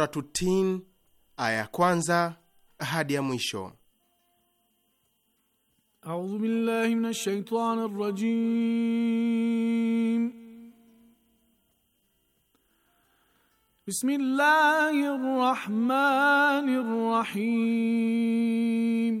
Suratu Tin aya ya kwanza hadi ya mwisho. A'udhu billahi minash rajim. rahim.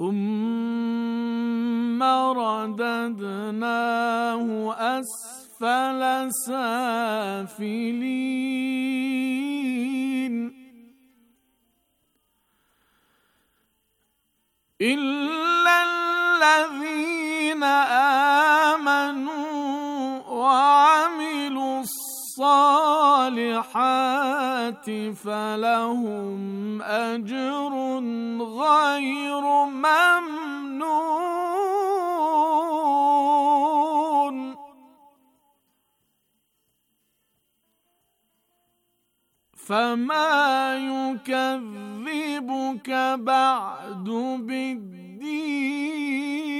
ثم رددناه أسفل سافلين إلا الذين آمنوا وعملوا الصالحات فلهم أجر غير ممنون فما يكذبك بعد بالدين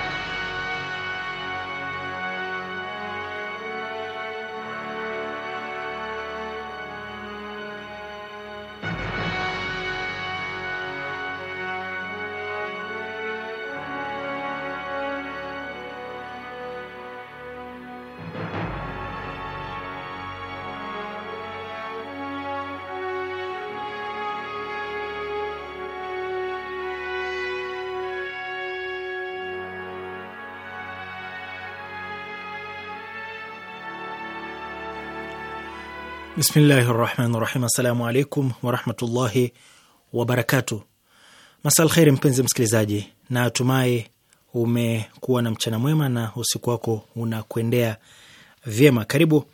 Bismillahi rahmani rahim. Assalamu alaikum warahmatullahi wabarakatu. Masal kheri, mpenzi msikilizaji, na atumai umekuwa na mchana mwema na usiku wako unakuendea vyema. Karibu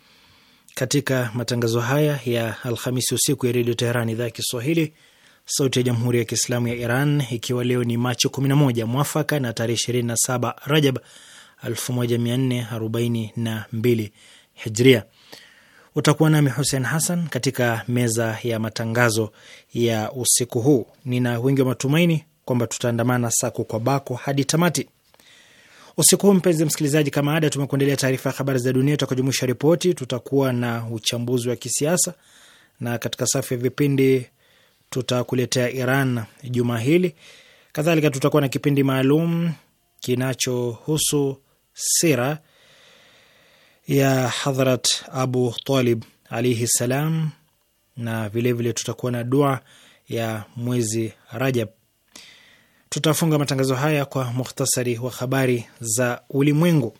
katika matangazo haya ya Alhamisi usiku ya Redio Teheran, idhaa ya Kiswahili, sauti ya Jamhuri ya Kiislamu ya Iran, ikiwa leo ni Machi 11 mwafaka na tarehe 27 Rajab 1442 Hijria. Utakuwa nami Hussein Hassan katika meza ya matangazo ya usiku huu. Nina wingi wa matumaini kwamba tutaandamana sako kwa bako hadi tamati usiku huu. Mpenzi msikilizaji, kama ada, tumekuendelea taarifa ya habari za dunia, tutakujumuisha ripoti, tutakuwa na uchambuzi wa kisiasa, na katika safu ya vipindi tutakuletea Iran juma hili. Kadhalika tutakuwa na kipindi maalum kinachohusu sira ya Hadhrat Abu Talib alaihi salam, na vilevile tutakuwa na dua ya mwezi Rajab. Tutafunga matangazo haya kwa mukhtasari wa habari za ulimwengu.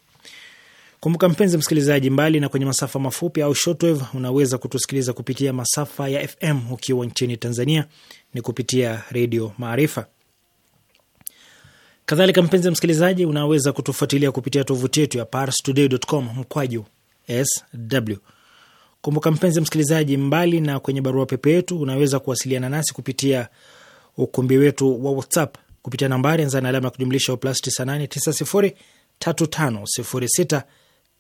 Kumbuka mpenzi msikilizaji, mbali na kwenye masafa mafupi au shortwave, unaweza kutusikiliza kupitia masafa ya FM ukiwa nchini Tanzania ni kupitia Redio Maarifa. Kadhalika mpenzi msikilizaji, unaweza kutufuatilia kupitia tovuti yetu ya parstoday.com mkwaju sw. Kumbuka mpenzi msikilizaji, mbali na kwenye barua pepe yetu, unaweza kuwasiliana nasi kupitia ukumbi wetu wa WhatsApp kupitia nambari anza na alama ya kujumlisha plus 98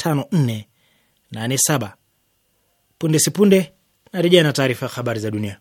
9035065487. Punde sipunde narejea na taarifa ya habari za dunia.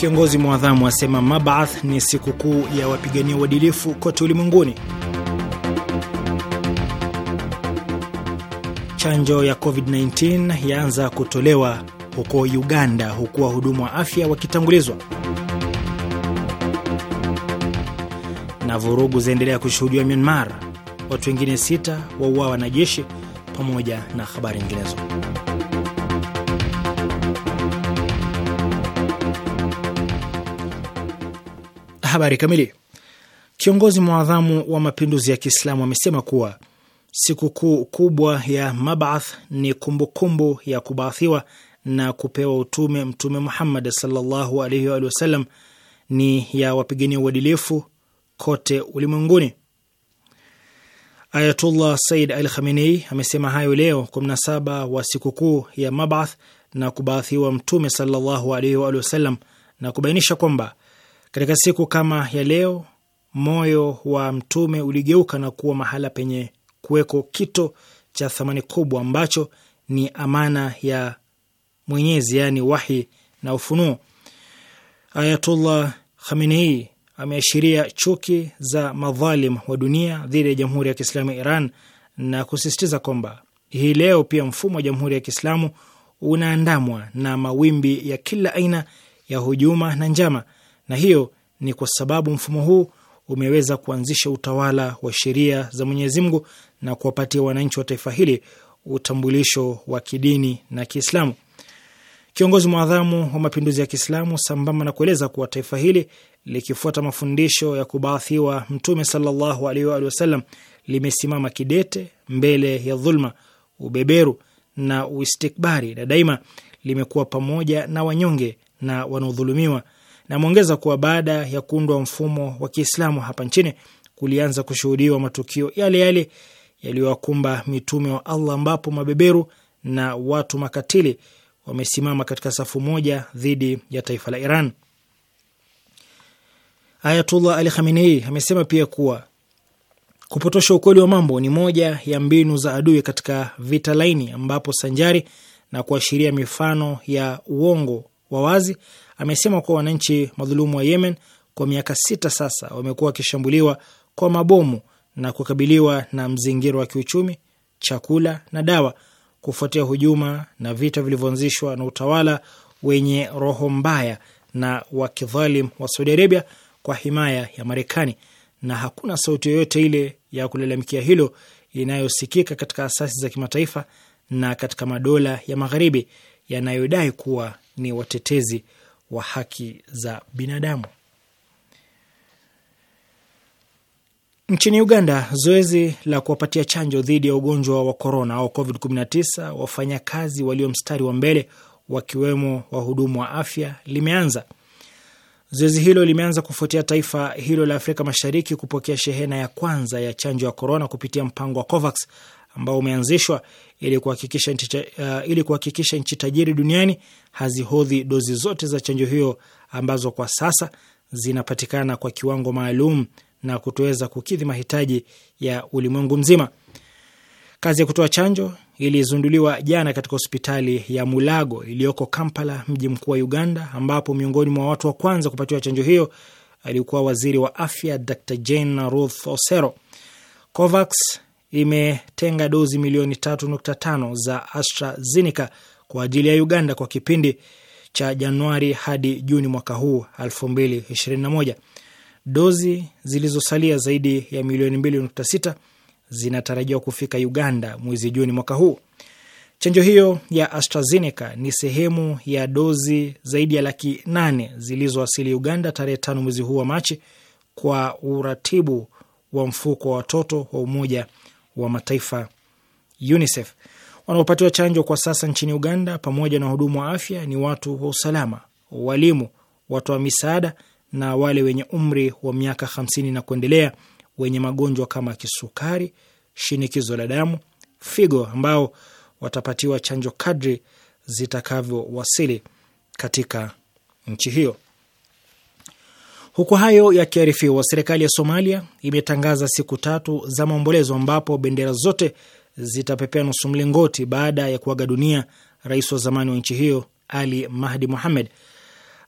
Kiongozi mwadhamu asema Mabath ni sikukuu ya wapigania uadilifu kote ulimwenguni. Chanjo ya COVID-19 yaanza kutolewa huko Uganda, huku wahudumu wa afya wakitangulizwa. Na vurugu zaendelea kushuhudiwa Myanmar, watu wengine sita wauawa na jeshi, pamoja na habari nyinginezo. Habari kamili. Kiongozi mwadhamu wa mapinduzi ya Kiislamu amesema kuwa sikukuu kubwa ya Mabath ni kumbukumbu kumbu ya kubaathiwa na kupewa utume Mtume Muhammad sallallahu alaihi wa sallam ni ya wapigania uadilifu kote ulimwenguni. Ayatullah Said Al Khamenei amesema hayo leo kwa mnasaba wa sikukuu ya Mabath na kubaathiwa Mtume sallallahu alaihi wa sallam na kubainisha kwamba katika siku kama ya leo, moyo wa mtume uligeuka na kuwa mahala penye kuweko kito cha thamani kubwa ambacho ni amana ya Mwenyezi, yaani wahi na ufunuo. Ayatullah Khamenei ameashiria chuki za madhalim wa dunia dhidi ya Jamhuri ya Kiislamu ya Iran na kusisitiza kwamba hii leo pia mfumo wa Jamhuri ya Kiislamu unaandamwa na mawimbi ya kila aina ya hujuma na njama na hiyo ni kwa sababu mfumo huu umeweza kuanzisha utawala wa sheria za Mwenyezi Mungu na kuwapatia wananchi wa taifa hili utambulisho wa kidini na Kiislamu. Kiongozi mwadhamu wa mapinduzi ya Kiislamu, sambamba na kueleza kuwa taifa hili likifuata mafundisho ya kubaathiwa Mtume sallallahu alaihi wasallam, limesimama kidete mbele ya dhulma, ubeberu na uistikbari, na daima limekuwa pamoja na wanyonge na wanaodhulumiwa na ameongeza kuwa baada ya kuundwa mfumo wa Kiislamu hapa nchini kulianza kushuhudiwa matukio yale yale yaliyowakumba mitume wa Allah, ambapo mabeberu na watu makatili wamesimama katika safu moja dhidi ya taifa la Iran. Ayatullah Ali Khamenei amesema pia kuwa kupotosha ukweli wa mambo ni moja ya mbinu za adui katika vita laini, ambapo sanjari na kuashiria mifano ya uongo wa wazi amesema kuwa wananchi madhulumu wa Yemen kwa miaka sita sasa wamekuwa wakishambuliwa kwa mabomu na kukabiliwa na mzingiro wa kiuchumi, chakula na dawa kufuatia hujuma na vita vilivyoanzishwa na utawala wenye roho mbaya na wa kidhalim wa Saudi Arabia kwa himaya ya Marekani, na hakuna sauti yoyote ile ya kulalamikia hilo inayosikika katika asasi za kimataifa na katika madola ya magharibi yanayodai kuwa ni watetezi wa haki za binadamu. Nchini Uganda, zoezi la kuwapatia chanjo dhidi ya ugonjwa wa korona au COVID-19 wafanyakazi walio mstari wa mbele wakiwemo wahudumu wa afya limeanza. Zoezi hilo limeanza kufuatia taifa hilo la Afrika Mashariki kupokea shehena ya kwanza ya chanjo ya korona kupitia mpango wa COVAX ambao umeanzishwa ili kuhakikisha uh, nchi tajiri duniani hazihodhi dozi zote za chanjo hiyo ambazo kwa sasa zinapatikana kwa kiwango maalum na kutoweza kukidhi mahitaji ya ulimwengu mzima. Kazi ya kutoa chanjo ilizunduliwa jana katika hospitali ya Mulago iliyoko Kampala, mji mkuu wa Uganda, ambapo miongoni mwa watu wa kwanza kupatiwa chanjo hiyo alikuwa waziri wa afya Dr Jane Ruth Osero. COVAX imetenga dozi milioni 3.5 za AstraZeneca kwa ajili ya Uganda kwa kipindi cha Januari hadi Juni mwaka huu 2021. Dozi zilizosalia zaidi ya milioni 2.6 zinatarajiwa kufika Uganda mwezi Juni mwaka huu. Chanjo hiyo ya AstraZeneca ni sehemu ya dozi zaidi ya laki nane zilizowasili Uganda tarehe tano mwezi huu wa Machi kwa uratibu wa mfuko wa watoto wa Umoja wa Mataifa, UNICEF. Wanaopatiwa chanjo kwa sasa nchini Uganda, pamoja na wahudumu wa afya, ni watu wa usalama, walimu, watoa wa misaada na wale wenye umri wa miaka hamsini na kuendelea wenye magonjwa kama kisukari, shinikizo la damu, figo, ambao watapatiwa chanjo kadri zitakavyowasili katika nchi hiyo. Huku hayo yakiarifiwa, serikali ya Somalia imetangaza siku tatu za maombolezo ambapo bendera zote zitapepea nusu mlingoti baada ya kuaga dunia rais wa zamani wa nchi hiyo Ali Mahdi Muhamed.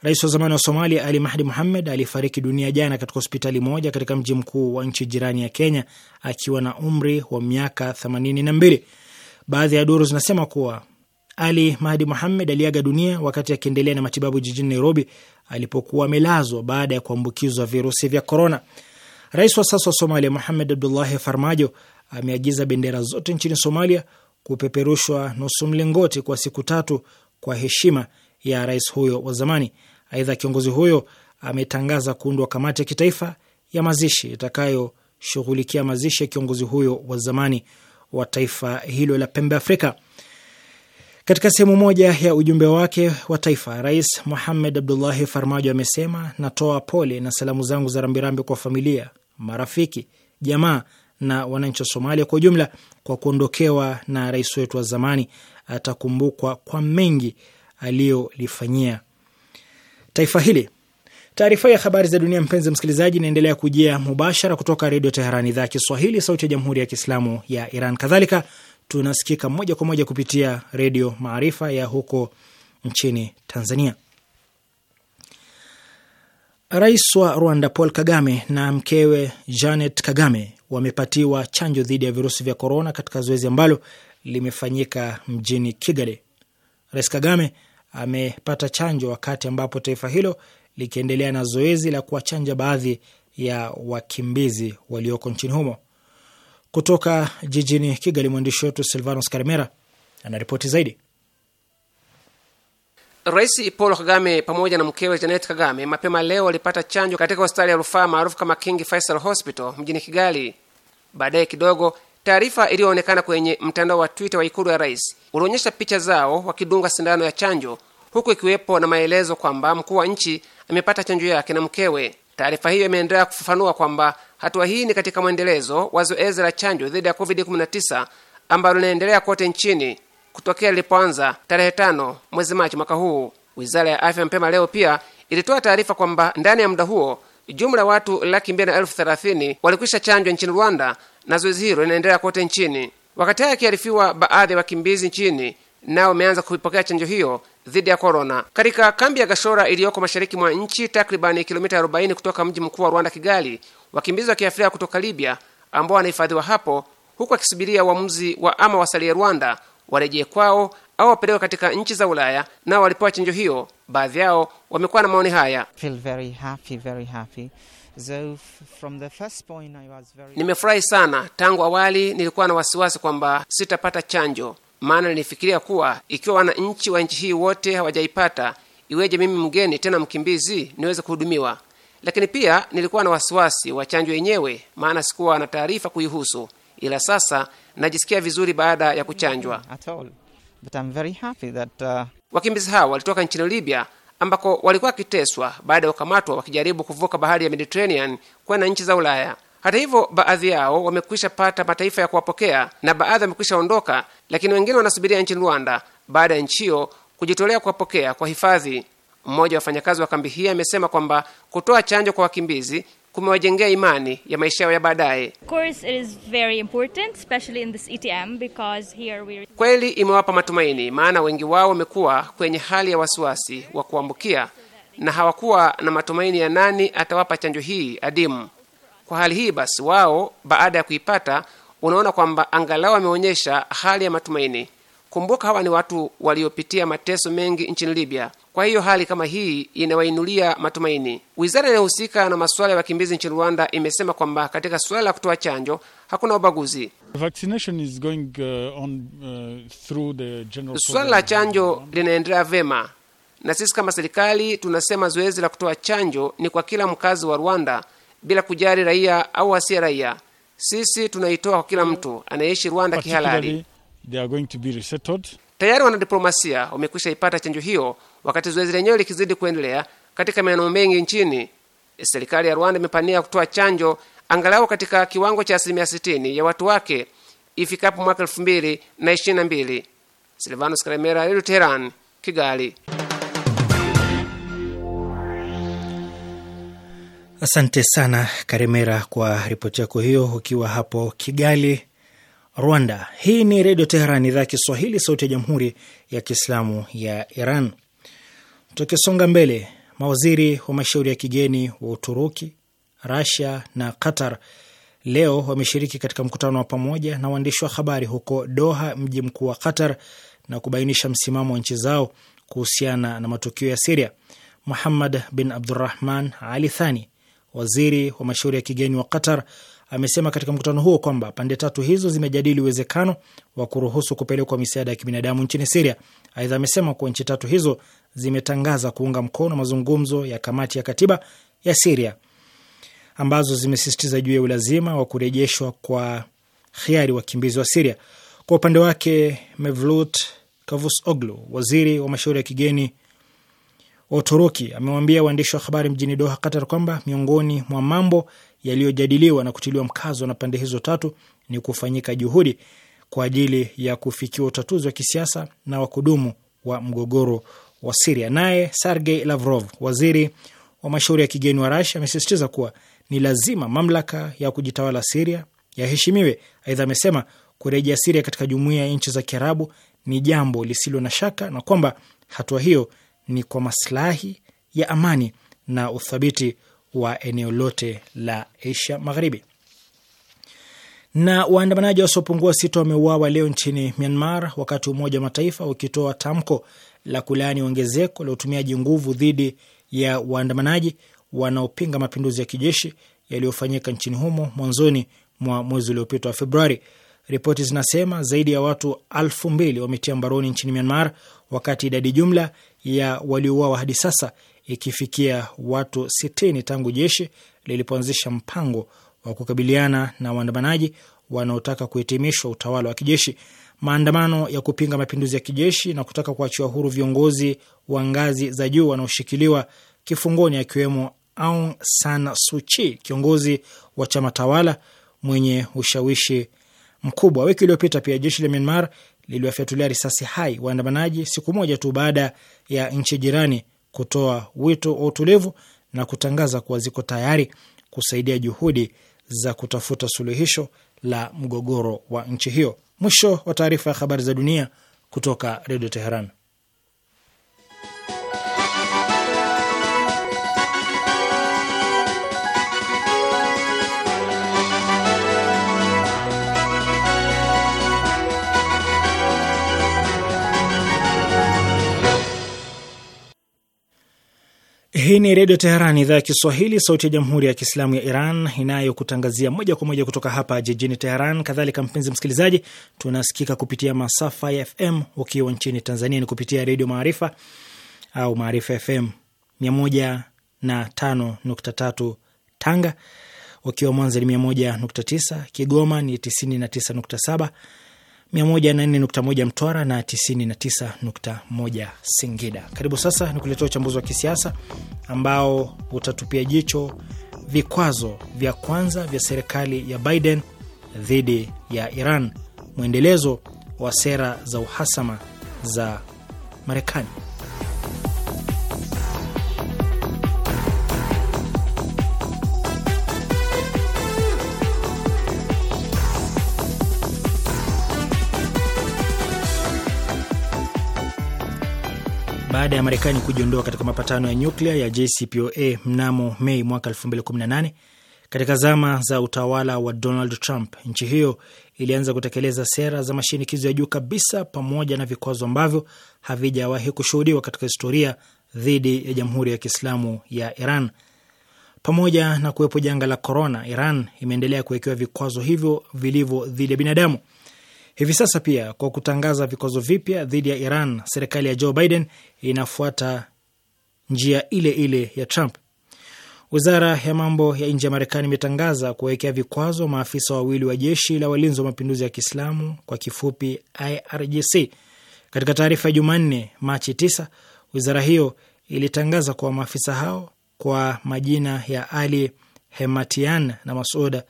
Rais wa zamani wa Somalia Ali Mahdi Muhamed alifariki dunia jana katika hospitali moja katika mji mkuu wa nchi jirani ya Kenya akiwa na umri wa miaka themanini na mbili. Baadhi ya duru zinasema kuwa Ali Mahdi Muhamed aliaga dunia wakati akiendelea na matibabu jijini Nairobi alipokuwa amelazwa baada ya kuambukizwa virusi vya korona. Rais wa sasa wa Somalia muhamed Abdullahi Farmajo ameagiza bendera zote nchini Somalia kupeperushwa nusu mlingoti kwa siku tatu kwa heshima ya rais huyo wa zamani. Aidha, kiongozi huyo ametangaza kuundwa kamati ya kitaifa ya mazishi itakayoshughulikia mazishi ya kiongozi huyo wa zamani wa taifa hilo la pembe Afrika. Katika sehemu moja ya ujumbe wake wa taifa, Rais muhamed Abdullahi Farmajo amesema, natoa pole na salamu zangu za rambirambi kwa familia, marafiki, jamaa na wananchi wa Somalia kwa ujumla kwa kuondokewa na rais wetu wa zamani. Atakumbukwa kwa mengi aliyolifanyia taifa hili. Taarifa ya habari za dunia, mpenzi msikilizaji, inaendelea kujia mubashara kutoka Redio Teheran, idhaa ya Kiswahili, sauti ya jamhuri ya kiislamu ya Iran. Kadhalika tunasikika moja kwa moja kupitia Redio Maarifa ya huko nchini Tanzania. Rais wa Rwanda Paul Kagame na mkewe Janet Kagame wamepatiwa chanjo dhidi ya virusi vya korona katika zoezi ambalo limefanyika mjini Kigali. Rais Kagame amepata chanjo wakati ambapo taifa hilo likiendelea na zoezi la kuwachanja baadhi ya wakimbizi walioko nchini humo. Kutoka jijini Kigali, mwandishi wetu Silvanos karimera anaripoti zaidi. Rais Paul Kagame pamoja na mkewe Janet Kagame mapema leo walipata chanjo katika hospitali ya rufaa maarufu kama King Faisal Hospital mjini Kigali. Baadaye kidogo, taarifa iliyoonekana kwenye mtandao wa Twitter wa ikulu ya rais ulionyesha picha zao wakidunga sindano ya chanjo, huku ikiwepo na maelezo kwamba mkuu wa nchi amepata chanjo yake na mkewe. Taarifa hiyo imeendelea kufafanua kwamba hatua hii ni katika mwendelezo wa zoezi la chanjo dhidi ya COVID-19 ambalo linaendelea kote nchini kutokea lilipoanza tarehe tano mwezi Machi mwaka huu. Wizara ya afya mapema leo pia ilitoa taarifa kwamba ndani ya muda huo jumla ya watu laki mbili na elfu thelathini walikwisha chanjwa nchini Rwanda na zoezi hilo linaendelea kote nchini. Wakati hayo akiarifiwa, baadhi ya wakimbizi nchini nao wameanza kuipokea chanjo hiyo dhidi ya korona katika kambi ya Gashora iliyoko mashariki mwa nchi, takribani kilomita 40 kutoka mji mkuu wa Rwanda, Kigali. Wakimbizi wa kiafrika kutoka Libya ambao wanahifadhiwa hapo huku wakisubiria uamuzi wa ama wasalie Rwanda, warejee kwao au wapelekwe katika nchi za Ulaya nao walipewa chanjo hiyo. Baadhi yao wamekuwa na maoni haya: nimefurahi sana. Tangu awali nilikuwa na wasiwasi kwamba sitapata chanjo maana nilifikiria kuwa ikiwa wananchi wa nchi hii wote hawajaipata iweje mimi mgeni tena mkimbizi niweze kuhudumiwa lakini pia nilikuwa na wasiwasi wa chanjo yenyewe maana sikuwa na taarifa kuihusu ila sasa najisikia vizuri baada ya kuchanjwa that, uh... wakimbizi hao walitoka nchini libya ambako walikuwa wakiteswa baada ya kukamatwa wakijaribu kuvuka bahari ya mediterranean kwenda nchi za ulaya hata hivyo, baadhi yao wamekwisha pata mataifa ya kuwapokea na baadhi wamekwisha ondoka, lakini wengine wanasubiria nchini Rwanda baada ya nchi hiyo kujitolea kuwapokea kwa hifadhi. Mmoja wa wafanyakazi wa kambi hii amesema kwamba kutoa chanjo kwa wakimbizi kumewajengea imani ya maisha yao ya baadaye. E Kweli imewapa matumaini, maana wengi wao wamekuwa kwenye hali ya wasiwasi wa kuambukia na hawakuwa na matumaini ya nani atawapa chanjo hii adimu. Kwa hali hii basi, wao baada ya kuipata, unaona kwamba angalau wameonyesha hali ya matumaini. Kumbuka hawa ni watu waliopitia mateso mengi nchini Libya. Kwa hiyo hali kama hii inawainulia matumaini. Wizara inayohusika na masuala ya wakimbizi nchini Rwanda imesema kwamba katika suala la kutoa chanjo hakuna ubaguzi. Uh, uh, suala la chanjo linaendelea vema, na sisi kama serikali tunasema zoezi la kutoa chanjo ni kwa kila mkazi wa Rwanda bila kujali raia au asiye raia. Sisi tunaitoa kwa kila mtu anayeishi Rwanda kihalali. Tayari wanadiplomasia wamekwisha ipata chanjo hiyo, wakati zoezi lenyewe likizidi kuendelea katika maeneo mengi nchini. Serikali ya Rwanda imepania kutoa chanjo angalau katika kiwango cha asilimia 60 ya watu wake ifikapo mwaka 2022. Silvanus Karemera, Redio Kigali. Asante sana Karemera kwa ripoti yako hiyo, ukiwa hapo Kigali, Rwanda. Hii ni Redio Teheran, idhaa ya Kiswahili, sauti ya Jamhuri ya Kiislamu ya Iran. Tukisonga mbele, mawaziri wa mashauri ya kigeni wa Uturuki, Rasia na Qatar leo wameshiriki katika mkutano wa pamoja na waandishi wa habari huko Doha, mji mkuu wa Qatar, na kubainisha msimamo wa nchi zao kuhusiana na matukio ya Siria. Muhammad bin Abdurahman Ali Thani waziri wa mashauri ya kigeni wa Qatar amesema katika mkutano huo kwamba pande tatu hizo zimejadili uwezekano wa kuruhusu kupelekwa misaada ya kibinadamu nchini Siria. Aidha, amesema kuwa nchi tatu hizo zimetangaza kuunga mkono mazungumzo ya kamati ya katiba ya Siria ambazo zimesisitiza juu ya ulazima wa kurejeshwa kwa hiari wakimbizi wa Siria. Kwa upande wake, Mevlut Kavusoglu, waziri wa mashauri ya kigeni Oturuki amewaambia waandishi wa habari mjini Doha, Qatar, kwamba miongoni mwa mambo yaliyojadiliwa na kutiliwa mkazo na pande hizo tatu ni kufanyika juhudi kwa ajili ya kufikiwa utatuzi wa kisiasa na wa kudumu wa mgogoro wa Siria. Naye Sergei Lavrov, waziri wa mashauri ya kigeni wa Rasia, amesisitiza kuwa ni lazima mamlaka ya kujitawala Siria yaheshimiwe. Aidha amesema kurejea Siria katika jumuia ya nchi za Kiarabu ni jambo lisilo na shaka na kwamba hatua hiyo ni kwa maslahi ya amani na uthabiti wa eneo lote la Asia Magharibi. Na waandamanaji wasiopungua sita wameuawa leo nchini Myanmar, wakati Umoja wa Mataifa ukitoa tamko la kulaani ongezeko la utumiaji nguvu dhidi ya waandamanaji wanaopinga mapinduzi ya kijeshi yaliyofanyika nchini humo mwanzoni mwa mwezi uliopita wa Februari. Ripoti zinasema zaidi ya watu alfu mbili wametia mbaroni nchini Myanmar, wakati idadi jumla ya waliouawa hadi sasa ikifikia watu sitini tangu jeshi lilipoanzisha mpango wa kukabiliana na waandamanaji wanaotaka kuhitimishwa utawala wa kijeshi. Maandamano ya kupinga mapinduzi ya kijeshi na kutaka kuachiwa huru viongozi wa ngazi za juu wanaoshikiliwa kifungoni akiwemo Aung San Suu Kyi, kiongozi wa chama tawala mwenye ushawishi mkubwa. Wiki iliyopita pia jeshi la Myanmar liliwafyatulia risasi hai waandamanaji siku moja tu baada ya nchi jirani kutoa wito wa utulivu na kutangaza kuwa ziko tayari kusaidia juhudi za kutafuta suluhisho la mgogoro wa nchi hiyo. Mwisho wa taarifa ya habari za dunia kutoka Redio Teheran. Hii ni Redio Teheran, idhaa ya Kiswahili, sauti ya Jamhuri ya Kiislamu ya Iran inayokutangazia moja kwa moja kutoka hapa jijini Teheran. Kadhalika mpenzi msikilizaji, tunasikika kupitia masafa ya FM. Ukiwa nchini Tanzania ni kupitia Redio Maarifa au Maarifa FM 105.3 Tanga, ukiwa Mwanza ni 101.9, Kigoma ni 99.7 104.1 Mtwara na 99.1 Singida. Karibu sasa ni kuletea uchambuzi wa kisiasa ambao utatupia jicho vikwazo vya kwanza vya serikali ya Biden dhidi ya Iran, mwendelezo wa sera za uhasama za Marekani. baada ya Marekani kujiondoa katika mapatano ya nyuklia ya JCPOA mnamo Mei mwaka 2018. Katika zama za utawala wa Donald Trump, nchi hiyo ilianza kutekeleza sera za mashinikizo ya juu kabisa pamoja na vikwazo ambavyo havijawahi kushuhudiwa katika historia dhidi ya Jamhuri ya Kiislamu ya Iran. Pamoja na kuwepo janga la korona, Iran imeendelea kuwekewa vikwazo hivyo vilivyo dhidi ya binadamu. Hivi sasa pia kwa kutangaza vikwazo vipya dhidi ya Iran, serikali ya Joe Biden inafuata njia ile ile ya Trump. Wizara ya mambo ya nje ya Marekani imetangaza kuwawekea vikwazo maafisa wawili wa jeshi la walinzi wa mapinduzi ya Kiislamu, kwa kifupi IRGC. Katika taarifa ya Jumanne, Machi 9, wizara hiyo ilitangaza kuwa maafisa hao kwa majina ya Ali Hematian na Masuda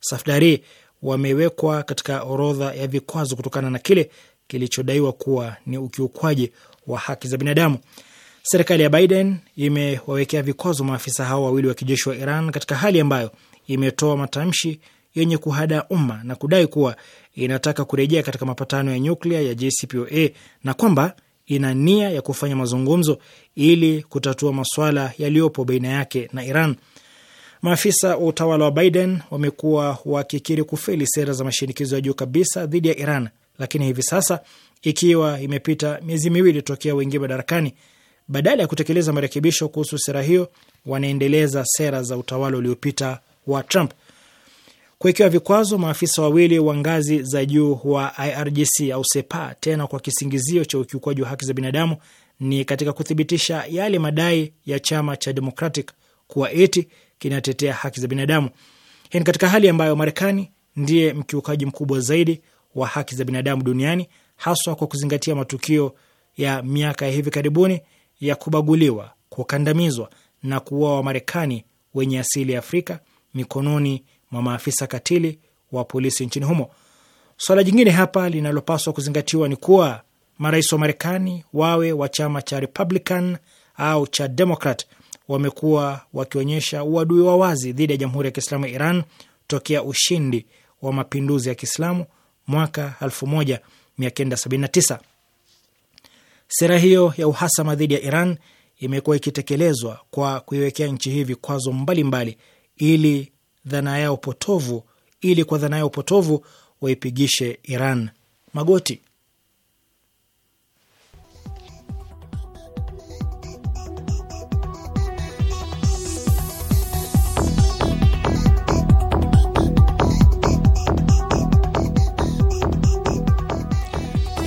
Safdari wamewekwa katika orodha ya vikwazo kutokana na kile kilichodaiwa kuwa ni ukiukwaji wa haki za binadamu. Serikali ya Biden imewawekea vikwazo maafisa hao wawili wa kijeshi wa Iran katika hali ambayo imetoa matamshi yenye kuhadaa umma na kudai kuwa inataka kurejea katika mapatano ya nyuklia ya JCPOA na kwamba ina nia ya kufanya mazungumzo ili kutatua masuala yaliyopo baina yake na Iran. Maafisa wa utawala wa Biden wamekuwa wakikiri kufeli sera za mashinikizo ya juu kabisa dhidi ya Iran, lakini hivi sasa, ikiwa imepita miezi miwili tokea wengie madarakani, badala ya kutekeleza marekebisho kuhusu sera hiyo, wanaendeleza sera za utawala uliopita wa Trump. Kuwekewa vikwazo maafisa wawili wa ngazi za juu wa IRGC au Sepa, tena kwa kisingizio cha ukiukwaji wa haki za binadamu, ni katika kuthibitisha yale madai ya chama cha Democratic kuwa eti kinatetea haki za binadamu. Hii ni katika hali ambayo Marekani ndiye mkiukaji mkubwa zaidi wa haki za binadamu duniani, haswa kwa kuzingatia matukio ya miaka ya hivi karibuni ya kubaguliwa, kukandamizwa na kuuawa Wamarekani wenye asili ya Afrika mikononi mwa maafisa katili wa polisi nchini humo. Swala jingine hapa linalopaswa kuzingatiwa ni kuwa marais wa Marekani wawe wa chama cha Republican au cha Democrat wamekuwa wakionyesha uadui wa wazi dhidi ya Jamhuri ya Kiislamu ya Iran tokea ushindi wa mapinduzi ya Kiislamu mwaka 1979. Sera hiyo ya uhasama dhidi ya Iran imekuwa ikitekelezwa kwa kuiwekea nchi hii vikwazo mbalimbali ili dhana yao potovu ili kwa dhana yao potovu waipigishe Iran magoti.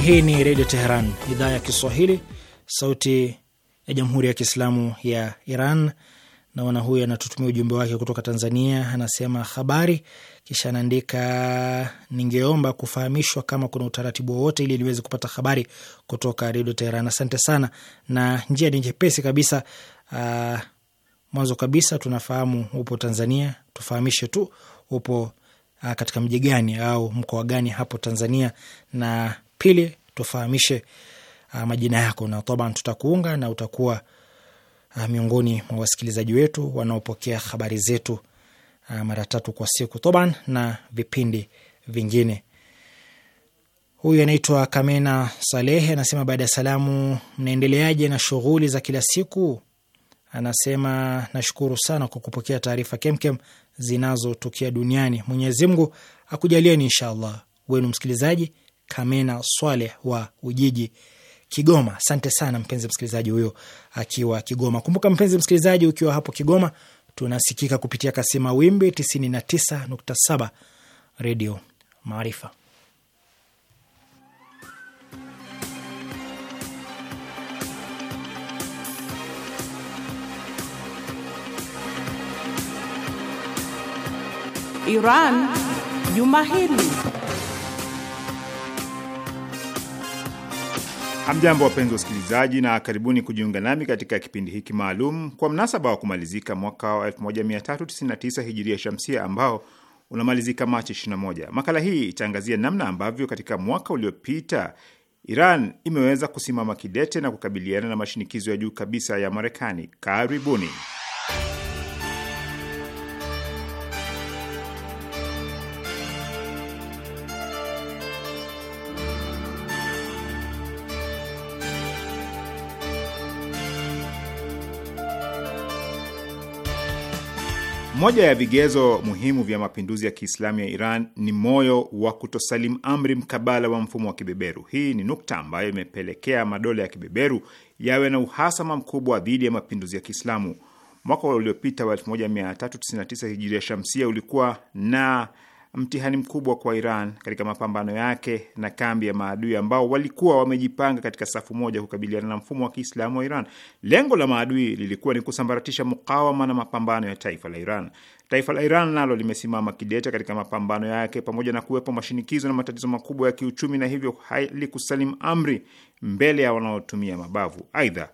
Hii ni Redio Teheran, idhaa ya Kiswahili, sauti ya Jamhuri ya Kiislamu ya Iran. Naona huyu anatutumia ujumbe wake kutoka Tanzania, anasema habari, kisha anaandika, ningeomba kufahamishwa kama kuna utaratibu wowote ili niweze kupata habari kutoka Redio Teheran. Asante sana, na njia ni nyepesi kabisa. Uh, mwanzo kabisa tunafahamu upo Tanzania, tufahamishe tu upo uh, katika mji gani au mkoa gani hapo Tanzania, na Pili, tufahamishe uh, majina yako na taban tutakuunga na utakuwa uh, miongoni mwa wasikilizaji wetu wanaopokea habari zetu uh, mara tatu kwa siku taban na vipindi vingine. Huyu anaitwa Kamena Salehe, anasema baada ya salamu, mnaendeleaje na shughuli za kila siku? Anasema nashukuru sana kwa kupokea taarifa kemkem zinazotukia duniani. Mwenyezi Mungu akujalie insha allah. Wenu msikilizaji Kamena swale wa Ujiji, Kigoma. Asante sana mpenzi msikilizaji, huyo akiwa Kigoma. Kumbuka mpenzi msikilizaji, ukiwa hapo Kigoma tunasikika kupitia kasima wimbi 99.7 Redio Maarifa. Iran juma hili Hamjambo, wapenzi wasikilizaji, na karibuni kujiunga nami katika kipindi hiki maalum kwa mnasaba wa kumalizika mwaka wa 1399 hijiria shamsia ambao unamalizika Machi 21. Makala hii itaangazia namna ambavyo katika mwaka uliopita Iran imeweza kusimama kidete na kukabiliana na mashinikizo ya juu kabisa ya Marekani. Karibuni. Moja ya vigezo muhimu vya mapinduzi ya Kiislamu ya Iran ni moyo wa kutosalimu amri mkabala wa mfumo wa kibeberu. Hii ni nukta ambayo imepelekea madola ya kibeberu yawe na uhasama mkubwa dhidi ya mapinduzi ya Kiislamu. Mwaka uliopita wa 1399 hijiria shamsia ulikuwa na mtihani mkubwa kwa Iran katika mapambano yake na kambi ya maadui ambao walikuwa wamejipanga katika safu moja kukabiliana na mfumo wa Kiislamu wa Iran. Lengo la maadui lilikuwa ni kusambaratisha mukawama na mapambano ya taifa la Iran. Taifa la Iran nalo limesimama kidete katika mapambano yake pamoja na kuwepo mashinikizo na matatizo makubwa ya kiuchumi, na hivyo halikusalimu amri mbele ya wanaotumia mabavu. Aidha,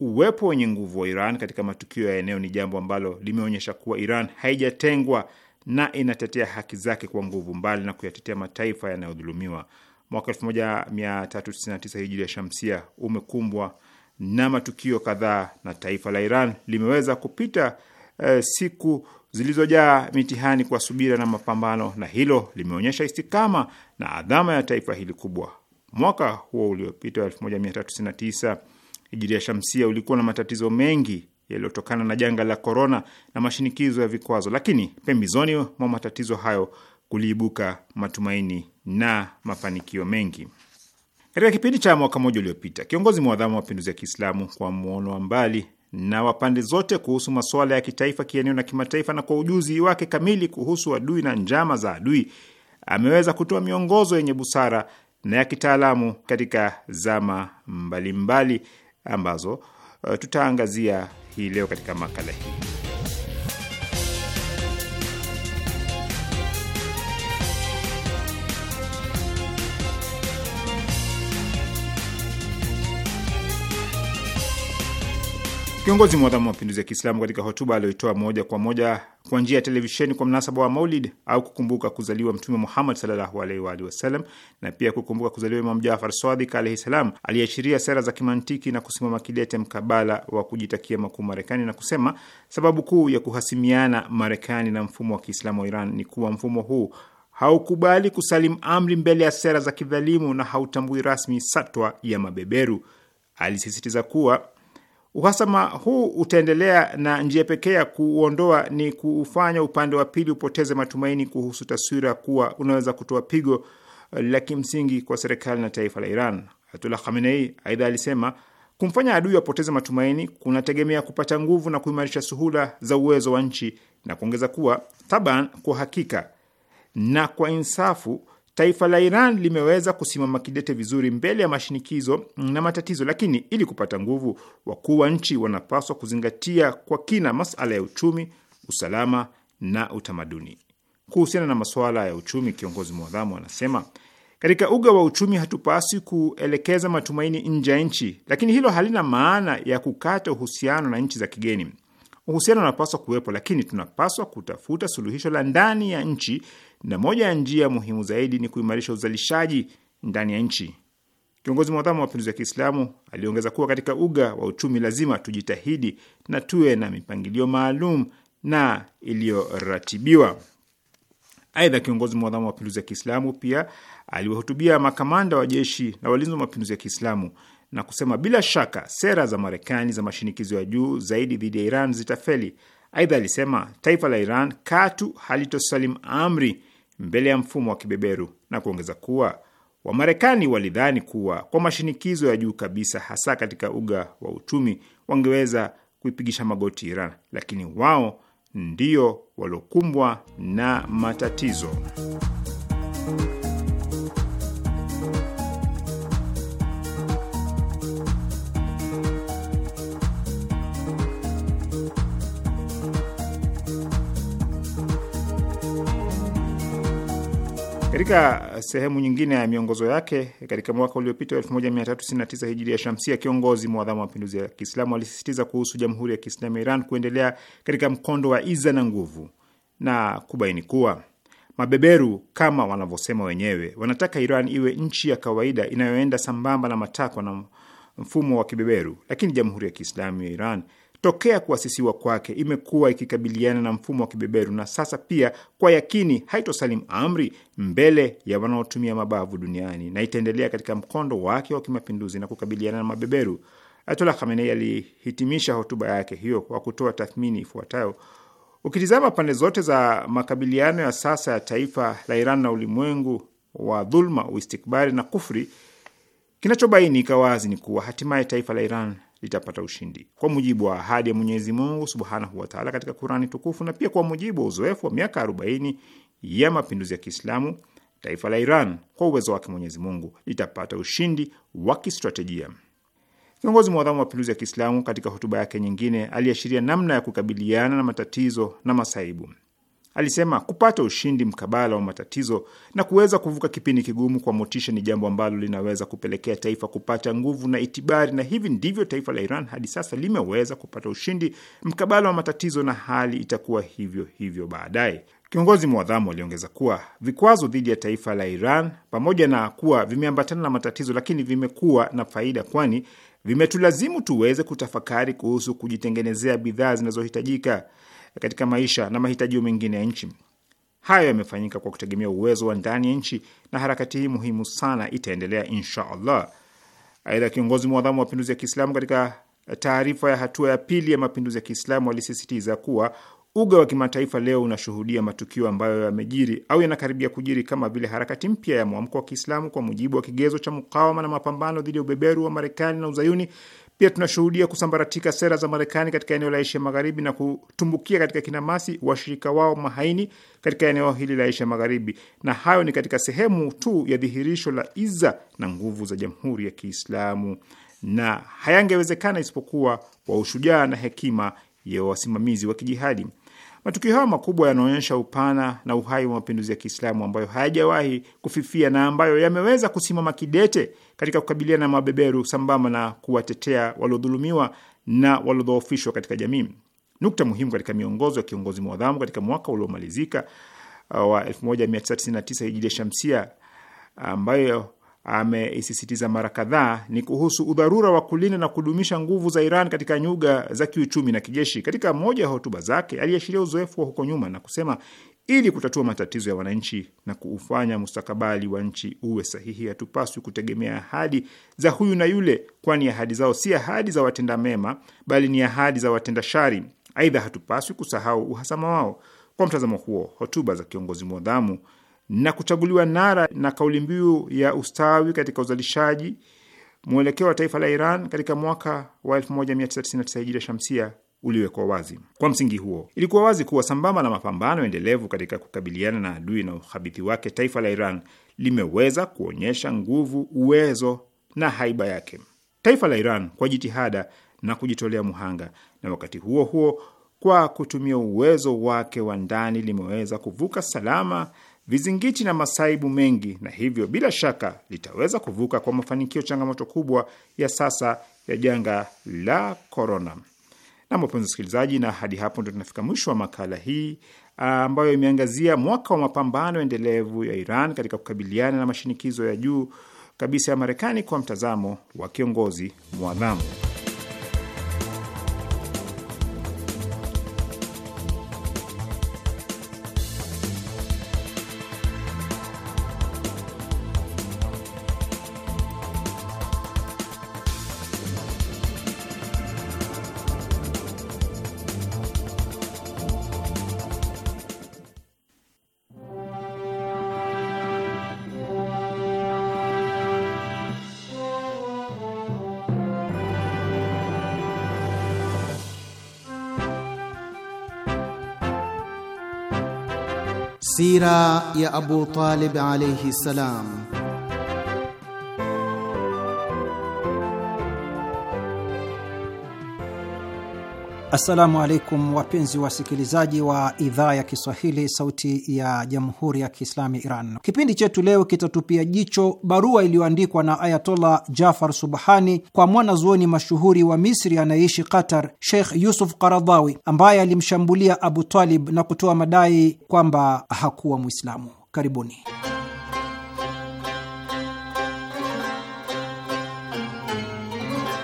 uwepo wenye nguvu wa Iran katika matukio ya eneo ni jambo ambalo limeonyesha kuwa Iran haijatengwa na inatetea haki zake kwa nguvu, mbali na kuyatetea mataifa yanayodhulumiwa. Mwaka 1399 hijiri ya shamsia umekumbwa na matukio kadhaa, na taifa la Iran limeweza kupita eh, siku zilizojaa mitihani kwa subira na mapambano, na hilo limeonyesha istikama na adhama ya taifa hili kubwa. Mwaka huo uliopita 1399 hijiri ya shamsia ulikuwa na matatizo mengi yaliyotokana na janga la korona na mashinikizo ya vikwazo, lakini pembezoni mwa matatizo hayo kuliibuka matumaini na mafanikio mengi. Katika kipindi cha mwaka mmoja uliopita, kiongozi mwadhamu wa mapinduzi ya Kiislamu kwa mwono wa mbali na wa pande zote kuhusu masuala ya kitaifa, kieneo na kimataifa, na kwa ujuzi wake kamili kuhusu adui na njama za adui, ameweza kutoa miongozo yenye busara na ya kitaalamu katika zama mbalimbali mbali ambazo eh, tutaangazia hii leo katika makala hii. Kiongozi mwadhamu wa mapinduzi ya Kiislamu katika hotuba aliyoitoa moja kwa moja kwa njia ya televisheni kwa mnasaba wa Maulid au kukumbuka kuzaliwa Mtume Muhammad sallallahu alaihi wa alihi wasallam na pia kukumbuka kuzaliwa Imam Jafar Swadik alaihi salam, aliashiria sera za kimantiki na kusimama kidete mkabala wa kujitakia makuu Marekani na kusema sababu kuu ya kuhasimiana Marekani na mfumo wa Kiislamu wa Iran ni kuwa mfumo huu haukubali kusalimu amri mbele ya sera za kidhalimu na hautambui rasmi satwa ya mabeberu. Alisisitiza kuwa Uhasama huu utaendelea na njia pekee ya kuuondoa ni kuufanya upande wa pili upoteze matumaini kuhusu taswira kuwa unaweza kutoa pigo la kimsingi kwa serikali na taifa la Iran. Ayatullah Khamenei aidha alisema kumfanya adui apoteze matumaini kunategemea kupata nguvu na kuimarisha suhula za uwezo wa nchi, na kuongeza kuwa taban, kwa hakika na kwa insafu, taifa la Iran limeweza kusimama kidete vizuri mbele ya mashinikizo na matatizo, lakini ili kupata nguvu, wakuu wa nchi wanapaswa kuzingatia kwa kina masala ya uchumi, usalama na utamaduni. Kuhusiana na masuala ya uchumi, kiongozi mwadhamu anasema katika uga wa uchumi hatupasi kuelekeza matumaini nje ya nchi, lakini hilo halina maana ya kukata uhusiano na nchi za kigeni. Uhusiano unapaswa kuwepo, lakini tunapaswa kutafuta suluhisho la ndani ya nchi na moja ya njia muhimu zaidi ni kuimarisha uzalishaji ndani ya nchi. Kiongozi mwadhamu wa mapinduzi ya Kiislamu aliongeza kuwa katika uga wa uchumi lazima tujitahidi na tuwe na mipangilio maalum na iliyoratibiwa. Aidha, kiongozi mwadhamu wa mapinduzi ya Kiislamu pia aliwahutubia makamanda wa jeshi na walinzi wa mapinduzi ya Kiislamu na kusema, bila shaka sera za Marekani za mashinikizo ya juu zaidi dhidi ya Iran zitafeli. Aidha alisema taifa la Iran katu halitosalim amri mbele ya mfumo wa kibeberu na kuongeza kuwa Wamarekani walidhani kuwa kwa mashinikizo ya juu kabisa, hasa katika uga wa uchumi, wangeweza kuipigisha magoti Iran, lakini wao ndio waliokumbwa na matatizo. Katika sehemu nyingine ya miongozo yake katika mwaka uliopita 1399 hijiria shamsia, kiongozi mwadhamu wa mapinduzi ya Kiislamu alisisitiza kuhusu Jamhuri ya Kiislamu ya Iran kuendelea katika mkondo wa iza na nguvu na kubaini kuwa mabeberu kama wanavyosema wenyewe wanataka Iran iwe nchi ya kawaida inayoenda sambamba na matakwa na mfumo wa kibeberu, lakini Jamhuri ya Kiislamu ya Iran Tokea kuasisiwa kwake imekuwa ikikabiliana na mfumo wa kibeberu na sasa pia kwa yakini haitosalimu amri mbele ya wanaotumia mabavu duniani na itaendelea katika mkondo wake wa kimapinduzi na kukabiliana na mabeberu. Ayatollah Khamenei alihitimisha hotuba yake hiyo kwa kutoa tathmini ifuatayo: ukitizama pande zote za makabiliano ya sasa ya taifa la Iran na ulimwengu wa dhuluma, uistikbari na kufri, kinachobainika wazi ni kuwa hatimaye taifa la Iran litapata ushindi kwa mujibu wa ahadi ya Mwenyezi Mungu subhanahu wataala katika Kurani tukufu na pia kwa mujibu wa uzoefu wa miaka 40 ya mapinduzi ya Kiislamu, taifa la Iran kwa uwezo wake Mwenyezi Mungu litapata ushindi wa kistratejia. Kiongozi mwadhamu wa mapinduzi ya Kiislamu katika hotuba yake nyingine aliashiria namna ya kukabiliana na matatizo na masaibu Alisema kupata ushindi mkabala wa matatizo na kuweza kuvuka kipindi kigumu kwa motisha ni jambo ambalo linaweza kupelekea taifa kupata nguvu na itibari, na hivi ndivyo taifa la Iran hadi sasa limeweza kupata ushindi mkabala wa matatizo, na hali itakuwa hivyo hivyo baadaye. Kiongozi mwadhamu aliongeza kuwa vikwazo dhidi ya taifa la Iran, pamoja na kuwa vimeambatana na matatizo, lakini vimekuwa na faida, kwani vimetulazimu tuweze kutafakari kuhusu kujitengenezea bidhaa zinazohitajika katika maisha na mahitaji mengine ya nchi. Hayo yamefanyika kwa kutegemea uwezo wa ndani ya nchi, na harakati hii muhimu sana itaendelea insha Allah. Aidha, kiongozi mwadhamu wa mapinduzi ya Kiislamu katika taarifa ya hatua ya pili ya mapinduzi ya Kiislamu alisisitiza kuwa uga wa kimataifa leo unashuhudia matukio ambayo yamejiri au yanakaribia kujiri kama vile harakati mpya ya mwamko wa Kiislamu kwa mujibu wa kigezo cha mukawama na mapambano dhidi ya ubeberu wa Marekani na Uzayuni pia tunashuhudia kusambaratika sera za Marekani katika eneo la Asia Magharibi na kutumbukia katika kinamasi washirika wao mahaini katika eneo hili la Asia Magharibi, na hayo ni katika sehemu tu ya dhihirisho la iza na nguvu za Jamhuri ya Kiislamu, na hayangewezekana isipokuwa wa ushujaa na hekima ya wasimamizi wa kijihadi. Matukio hayo makubwa yanaonyesha upana na uhai wa mapinduzi ya Kiislamu ambayo hayajawahi kufifia na ambayo yameweza kusimama kidete katika kukabiliana na mabeberu sambamba na kuwatetea waliodhulumiwa na waliodhoofishwa katika jamii. Nukta muhimu katika miongozo ya kiongozi mwadhamu katika mwaka uliomalizika uh, wa 1999 hijiria shamsia ambayo ameisisitiza mara kadhaa ni kuhusu udharura wa kulinda na kudumisha nguvu za Iran katika nyuga za kiuchumi na kijeshi. Katika moja ya hotuba zake aliashiria uzoefu wa huko nyuma na kusema, ili kutatua matatizo ya wananchi na kuufanya mustakabali wa nchi uwe sahihi, hatupaswi kutegemea ahadi za huyu na yule, kwani ahadi zao si ahadi za watenda mema, bali ni ahadi za watenda shari. Aidha, hatupaswi kusahau uhasama wao. Kwa mtazamo huo, hotuba za kiongozi mwadhamu na kuchaguliwa nara na kauli mbiu ya ustawi katika uzalishaji, mwelekeo wa taifa la Iran katika mwaka wa 1999 hijria shamsia uliwekwa wazi. Kwa msingi huo, ilikuwa wazi kuwa sambamba na mapambano endelevu katika kukabiliana na adui na uhabithi wake, taifa la Iran limeweza kuonyesha nguvu, uwezo na haiba yake. Taifa la Iran kwa jitihada na kujitolea muhanga, na wakati huo huo kwa kutumia uwezo wake wa ndani limeweza kuvuka salama vizingiti na masaibu mengi, na hivyo bila shaka litaweza kuvuka kwa mafanikio changamoto kubwa ya sasa ya janga la korona. Na wapenzi wasikilizaji, na hadi hapo ndo tunafika mwisho wa makala hii ah, ambayo imeangazia mwaka wa mapambano endelevu ya Iran katika kukabiliana na mashinikizo ya juu kabisa ya Marekani kwa mtazamo wa kiongozi mwadhamu. كبيرا يا أبو طالب عليه السلام Assalamu alaikum wapenzi wasikilizaji wa idhaa ya Kiswahili, sauti ya jamhuri ya kiislamu ya Iran. Kipindi chetu leo kitatupia jicho barua iliyoandikwa na Ayatollah Jafar Subhani kwa mwanazuoni mashuhuri wa Misri anayeishi Qatar, Sheikh Yusuf Qaradhawi, ambaye alimshambulia Abu Talib na kutoa madai kwamba hakuwa Mwislamu. Karibuni.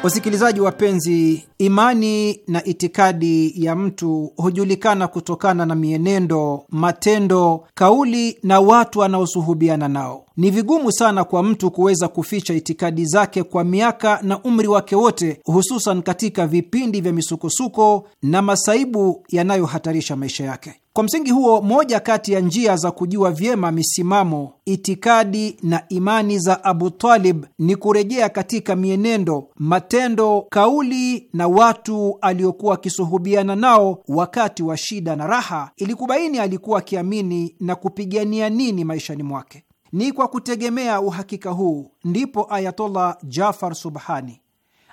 Wasikilizaji wapenzi, imani na itikadi ya mtu hujulikana kutokana na mienendo, matendo, kauli na watu anaosuhubiana nao. Ni vigumu sana kwa mtu kuweza kuficha itikadi zake kwa miaka na umri wake wote, hususan katika vipindi vya misukosuko na masaibu yanayohatarisha maisha yake. Kwa msingi huo, moja kati ya njia za kujua vyema misimamo, itikadi na imani za Abu Talib ni kurejea katika mienendo, matendo, kauli na watu aliokuwa akisuhubiana nao wakati wa shida na raha, ili kubaini alikuwa akiamini na kupigania nini maishani mwake. Ni kwa kutegemea uhakika huu ndipo Ayatollah Jafar Subhani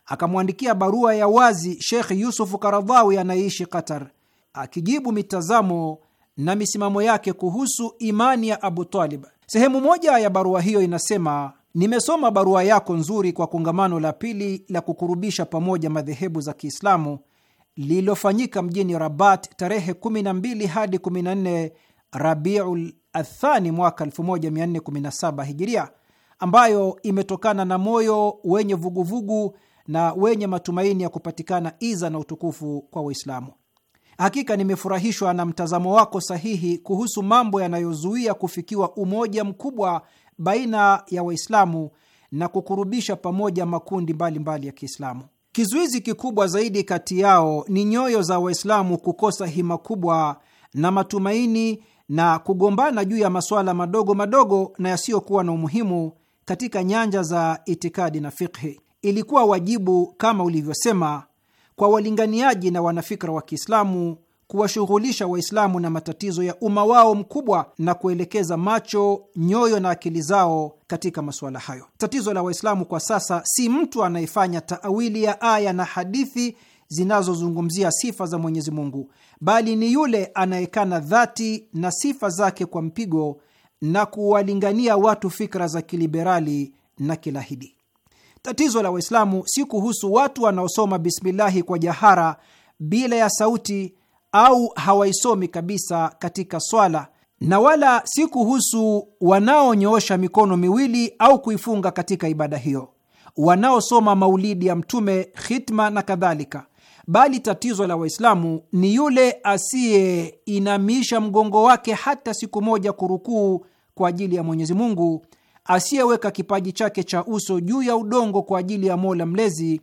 akamwandikia barua ya wazi Sheikh Yusufu Karadhawi anayeishi Qatar, akijibu mitazamo na misimamo yake kuhusu imani ya Abu Talib. Sehemu moja ya barua hiyo inasema: nimesoma barua yako nzuri kwa kongamano la pili la kukurubisha pamoja madhehebu za Kiislamu lililofanyika mjini Rabat tarehe 12 hadi 14 Rabiul Athani mwaka 1417 Hijiria, ambayo imetokana na moyo wenye vuguvugu vugu na wenye matumaini ya kupatikana iza na utukufu kwa Waislamu. Hakika nimefurahishwa na mtazamo wako sahihi kuhusu mambo yanayozuia kufikiwa umoja mkubwa baina ya Waislamu na kukurubisha pamoja makundi mbalimbali mbali ya Kiislamu. Kizuizi kikubwa zaidi kati yao ni nyoyo za Waislamu kukosa hima kubwa na matumaini na kugombana juu ya masuala madogo madogo na yasiyokuwa na umuhimu katika nyanja za itikadi na fikhi. Ilikuwa wajibu, kama ulivyosema, kwa walinganiaji na wanafikra wa Kiislamu kuwashughulisha Waislamu na matatizo ya umma wao mkubwa na kuelekeza macho, nyoyo na akili zao katika masuala hayo. Tatizo la Waislamu kwa sasa si mtu anayefanya taawili ya aya na hadithi zinazozungumzia sifa za Mwenyezi Mungu, bali ni yule anayekana dhati na sifa zake kwa mpigo na kuwalingania watu fikra za kiliberali na kilahidi. Tatizo la Waislamu si kuhusu watu wanaosoma bismillahi kwa jahara bila ya sauti au hawaisomi kabisa katika swala, na wala si kuhusu wanaonyoosha mikono miwili au kuifunga katika ibada hiyo, wanaosoma maulidi ya Mtume, khitma na kadhalika bali tatizo la Waislamu ni yule asiyeinamisha mgongo wake hata siku moja kurukuu kwa ajili ya Mwenyezi Mungu, asiyeweka kipaji chake cha uso juu ya udongo kwa ajili ya Mola Mlezi,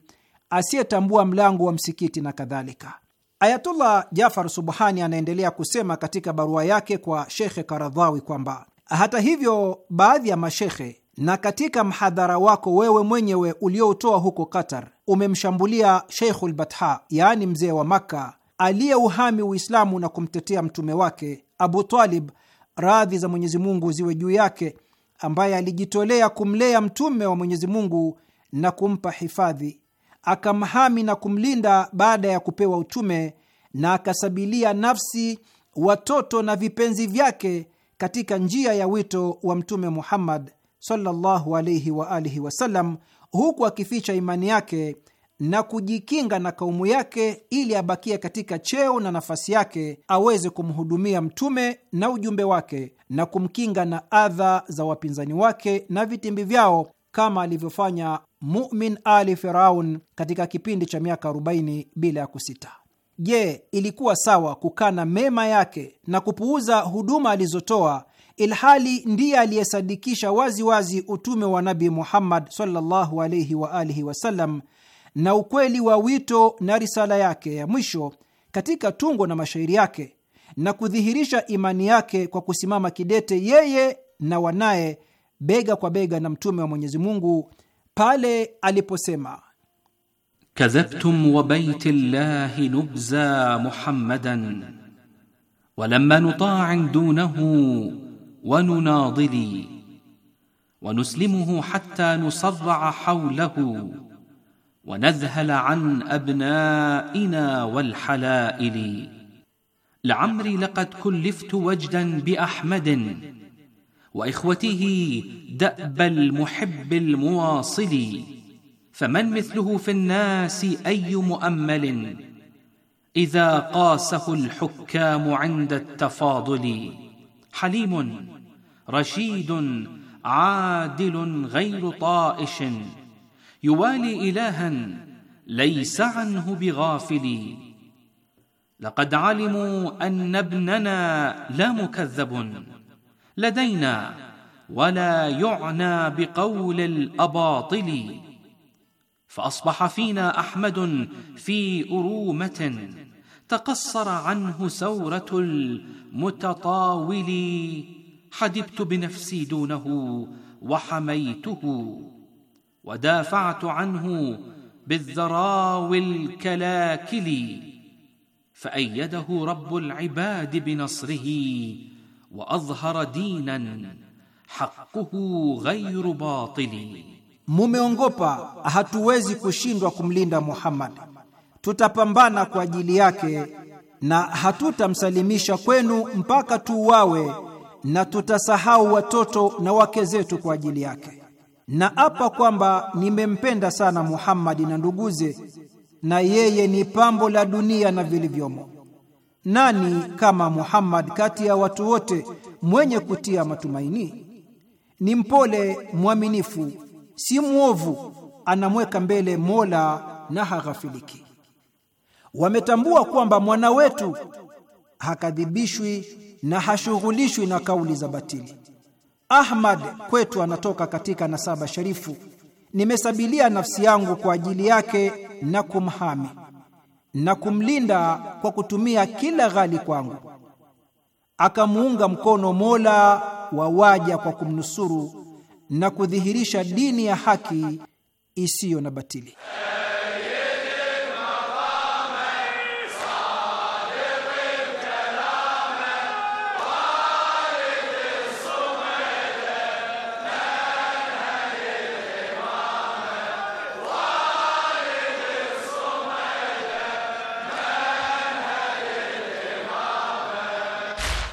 asiyetambua mlango wa msikiti na kadhalika. Ayatullah Jafar Subhani anaendelea kusema katika barua yake kwa Shekhe Karadhawi kwamba hata hivyo, baadhi ya mashekhe na katika mhadhara wako wewe mwenyewe ulioutoa huko Qatar umemshambulia Sheikhul Batha, yaani mzee wa Makka aliyeuhami Uislamu na kumtetea mtume wake Abu Talib, radhi za Mwenyezi Mungu ziwe juu yake, ambaye alijitolea kumlea mtume wa Mwenyezi Mungu na kumpa hifadhi, akamhami na kumlinda baada ya kupewa utume, na akasabilia nafsi, watoto na vipenzi vyake katika njia ya wito wa Mtume Muhammad sallallahu alayhi wa alihi wasallam, huku akificha imani yake na kujikinga na kaumu yake ili abakie katika cheo na nafasi yake aweze kumhudumia mtume na ujumbe wake na kumkinga na adha za wapinzani wake na vitimbi vyao kama alivyofanya mumin ali Firaun katika kipindi cha miaka 40 bila ya kusita. Je, ilikuwa sawa kukana mema yake na kupuuza huduma alizotoa ilhali ndiye aliyesadikisha waziwazi utume wa Nabi Muhammad sallallahu alaihi wa alihi wasallam na ukweli wa wito na risala yake ya mwisho katika tungo na mashairi yake na kudhihirisha imani yake kwa kusimama kidete yeye na wanaye bega kwa bega na mtume wa Mwenyezi Mungu pale aliposema: kadhabtum wa baiti nubza muhammadan walamma nutain dunahu ونناضلي ونسلمه حتى نصرع حوله ونذهل عن أبنائنا والحلائل لعمري لقد كلفت وجدا بأحمد وإخوته دأب المحب المواصل فمن مثله في الناس أي مؤمل إذا قاسه الحكام عند التفاضل حليم رشيد عادل غير طائش يوالي إلها ليس عنه بغافل لقد علموا أن ابننا لا مكذب لدينا ولا يعنى بقول الأباطل فأصبح فينا أحمد في أرومة تقصر عنه سورة المتطاول حدبت بنفسي دونه وحميته ودافعت عنه بالذراوي الكلاكل فأيده رب العباد بنصره وأظهر دينا حقه غير باطل mumeongopa hatuwezi kushindwa kumlinda محمد tutapambana kwa ajili yake na hatutamsalimisha kwenu mpaka tuuawe, na tutasahau watoto na wake zetu kwa ajili yake. Na apa kwamba nimempenda sana Muhammadi na nduguze, na yeye ni pambo la dunia na vilivyomo. Nani kama Muhammad kati ya watu wote, mwenye kutia matumaini? Ni mpole mwaminifu, si mwovu, anamweka mbele Mola na haghafiliki wametambua kwamba mwana wetu hakadhibishwi na hashughulishwi na kauli za batili. Ahmad kwetu anatoka katika nasaba sharifu. Nimesabilia nafsi yangu kwa ajili yake na kumhami na kumlinda kwa kutumia kila ghali kwangu. Akamuunga mkono Mola wa waja kwa kumnusuru na kudhihirisha dini ya haki isiyo na batili.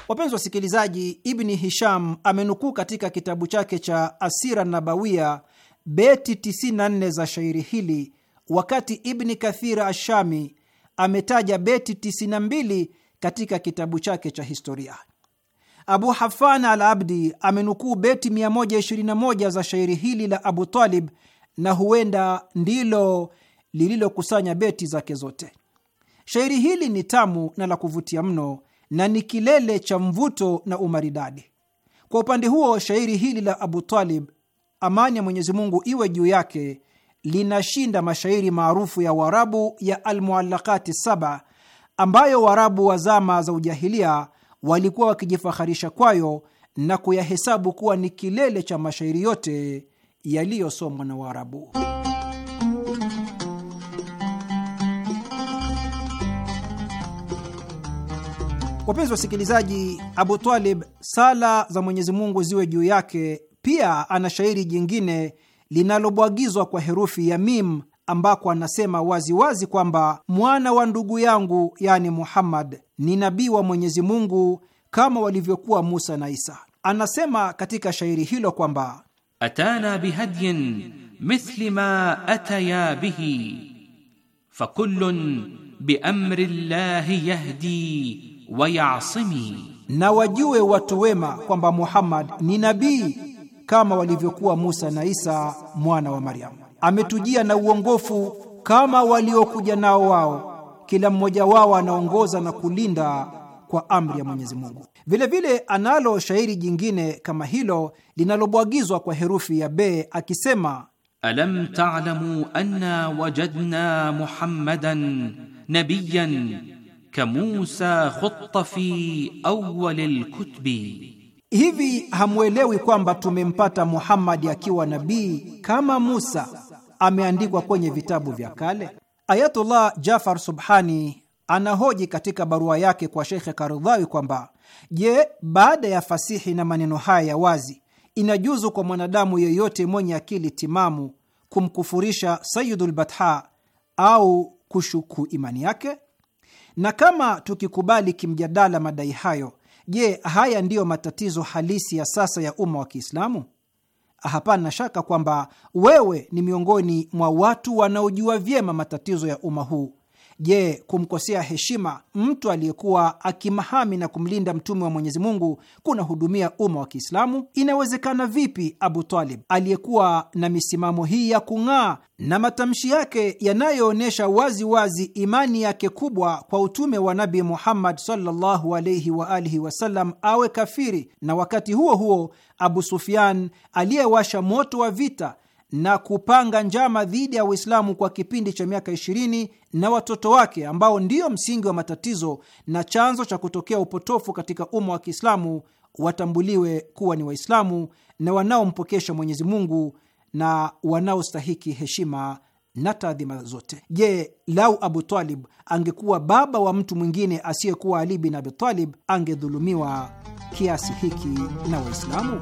Wapenzi wasikilizaji, Ibni Hisham amenukuu katika kitabu chake cha Asira Nabawiya beti 94 za shairi hili, wakati Ibni Kathira Ashami ametaja beti 92 katika kitabu chake cha historia. Abu Hafan al Abdi amenukuu beti 121 za shairi hili la Abu Talib, na huenda ndilo lililokusanya beti zake zote. Shairi hili ni tamu na la kuvutia mno na ni kilele cha mvuto na umaridadi. Kwa upande huo, shairi hili la Abu Talib, amani ya Mwenyezi Mungu iwe juu yake, linashinda mashairi maarufu ya Waarabu ya Almuallakati Saba ambayo Waarabu wa zama za ujahilia walikuwa wakijifaharisha kwayo na kuyahesabu kuwa ni kilele cha mashairi yote yaliyosomwa na Waarabu. Wapenzi wasikilizaji, Abu Talib, sala za Mwenyezi Mungu ziwe juu yake, pia ana shairi jingine linalobwagizwa kwa herufi ya mim ambako anasema waziwazi wazi kwamba mwana wa ndugu yangu, yani Muhammad, ni nabii wa Mwenyezi Mungu kama walivyokuwa Musa na Isa. Anasema katika shairi hilo kwamba atana bihadyin mithli ma ataya bihi fakullun biamri llahi yahdi wayasimi, na wajue watu wema kwamba Muhammad ni nabii kama walivyokuwa Musa na Isa mwana wa Maryamu. Ametujia na uongofu kama waliokuja nao wao, kila mmoja wao anaongoza na kulinda kwa amri ya Mwenyezi Mungu. Vilevile analo shairi jingine kama hilo linalobwagizwa kwa herufi ya be akisema: alam ta'lamu anna wajadna muhammadan nabiyan kamusa khutta fi awwal alkutbi, hivi hamwelewi kwamba tumempata Muhammadi akiwa nabii kama Musa ameandikwa kwenye vitabu vya kale? Ayatullah Jafar Subhani anahoji katika barua yake kwa Sheikh Karudhawi kwamba je, baada ya fasihi na maneno haya ya wazi inajuzu kwa mwanadamu yeyote mwenye akili timamu kumkufurisha Sayyidul Batha au kushuku imani yake? Na kama tukikubali kimjadala madai hayo, je, haya ndiyo matatizo halisi ya sasa ya umma wa Kiislamu? Hapana shaka kwamba wewe ni miongoni mwa watu wanaojua vyema matatizo ya umma huu Je, kumkosea heshima mtu aliyekuwa akimahami na kumlinda mtume wa Mwenyezi Mungu kunahudumia umma wa Kiislamu? Inawezekana vipi Abu Talib aliyekuwa na misimamo hii ya kung'aa na matamshi yake yanayoonyesha wazi wazi imani yake kubwa kwa utume wa Nabi Muhammad sallallahu alaihi wa alihi wasallam awe kafiri, na wakati huo huo Abu Sufyan aliyewasha moto wa vita na kupanga njama dhidi ya Uislamu kwa kipindi cha miaka 20 na watoto wake ambao ndiyo msingi wa matatizo na chanzo cha kutokea upotofu katika umma wa Kiislamu watambuliwe kuwa ni Waislamu na wanaompokesha Mwenyezi Mungu na wanaostahiki heshima na taadhima zote. Je, lau Abu Talib angekuwa baba wa mtu mwingine asiyekuwa Ali bin Abi Talib, angedhulumiwa kiasi hiki na Waislamu?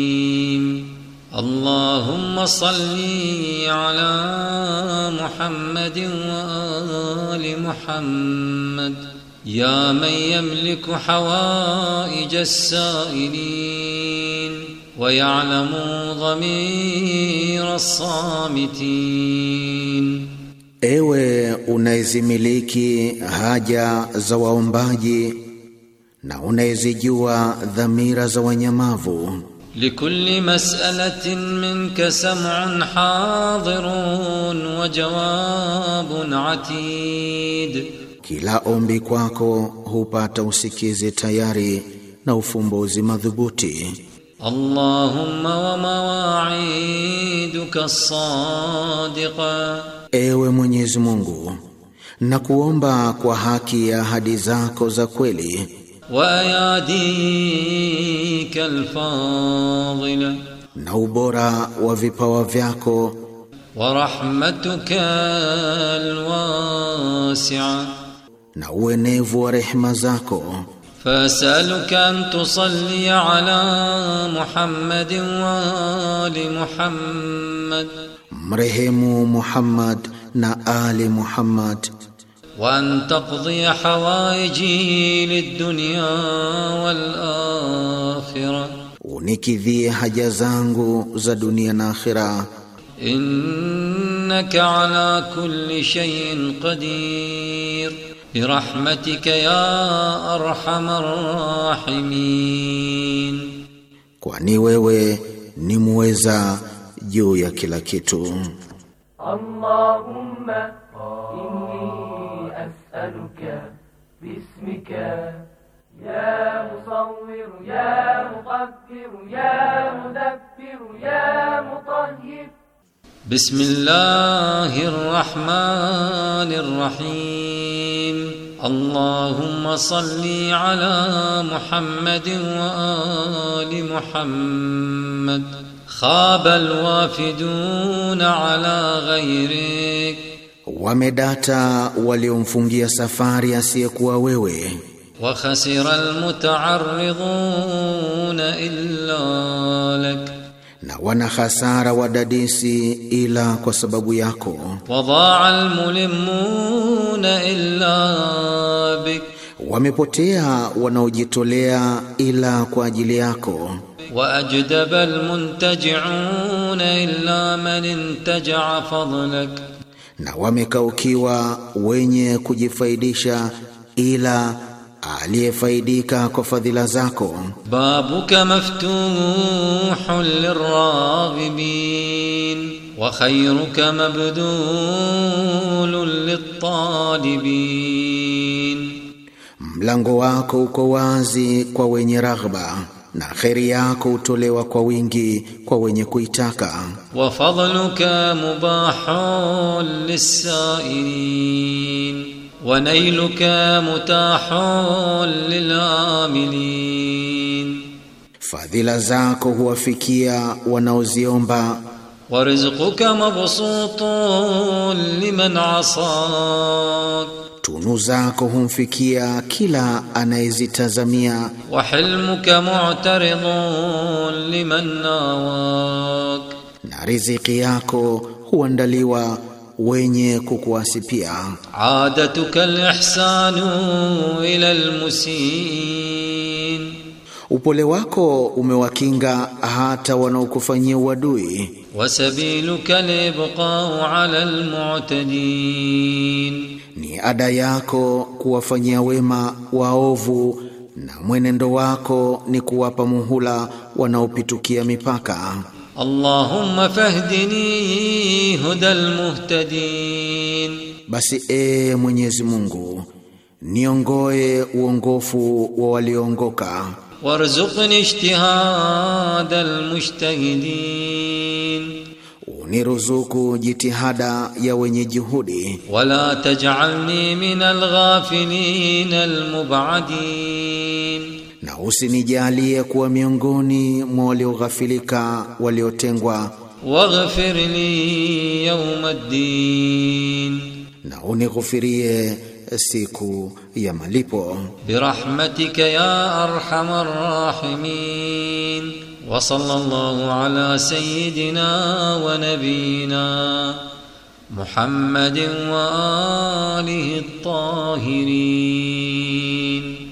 اللهم صل على محمد وآل محمد يا من يملك حوائج السائلين ويعلم ضمير الصامتين Ewe unayezimiliki haja za waombaji na unayezijua dhamira za wanyamavu لكل مسألة منك سمع حاضر وجواب عتيد kila ombi kwako hupata usikizi tayari na ufumbuzi madhubuti Allahumma wa mawaiduka sadiqa Ewe Mwenyezi Mungu nakuomba kwa haki ya ahadi zako za kweli وأياديك الفاضلة نوبرا وفيباوا فياكو ورحمتك الواسعة نوينيف ورحمة زاكو فأسألك أن تصلي على محمد وآل محمد مرهم محمد نآل محمد وأن تقضي حوائجي للدنيا والآخرة unikidhie haja zangu za dunia na akhira innaka ala kulli shay'in qadir birahmatika ya arhamar kwani wewe ni muweza juu ya kila kitu Allahumma أسألك باسمك يا مصور يا مقدر يا مدبر يا مطهر بسم الله الرحمن الرحيم اللهم صل على محمد وآل محمد خاب الوافدون على غيرك Wamedata waliomfungia safari asiyekuwa wewe. Wa khasira almuta'arriduna illa lak, na wana hasara wadadisi ila kwa sababu yako. wa dhaa almulimun illa bik, wamepotea wanaojitolea ila kwa ajili yako. Wa ajdaba almuntaji'una illa man intaja fadlak na wamekaukiwa wenye kujifaidisha ila aliyefaidika kwa fadhila zako. babuka maftuhun liraghibin wa khayruka mabdulun littalibin, mlango wako uko wazi kwa wenye raghba na kheri yako hutolewa kwa wingi kwa wenye kuitaka. wa fadluka mubahun lisailin wa nailuka mutahun lilamilin, fadhila zako huwafikia wanaoziomba. wa rizquka mabsutun liman asak tunu zako humfikia kila anayezitazamia. wa hilmuka mu'taridun liman nawak, na riziki yako huandaliwa wenye kukuasipia. adatuka alihsanu ila almusin upole wako umewakinga hata wanaokufanyia uadui. Wasabiluka libqau ala almu'tadin, ni ada yako kuwafanyia wema waovu na mwenendo wako ni kuwapa muhula wanaopitukia mipaka. Allahumma fahdini hudal muhtadin, basi ee Mwenyezi Mungu niongoe uongofu wa walioongoka warzuqni ijtihada almujtahidin uniruzuku jitihada ya wenye juhudi wala taj'alni min alghafilin almub'adin na usinijalie kuwa miongoni mwa walioghafilika waliotengwa waghfir li yawm din na unighufirie سيكو يماليبو برحمتك يا أرحم الراحمين وصلى الله على سيدنا ونبينا محمد وآله الطاهرين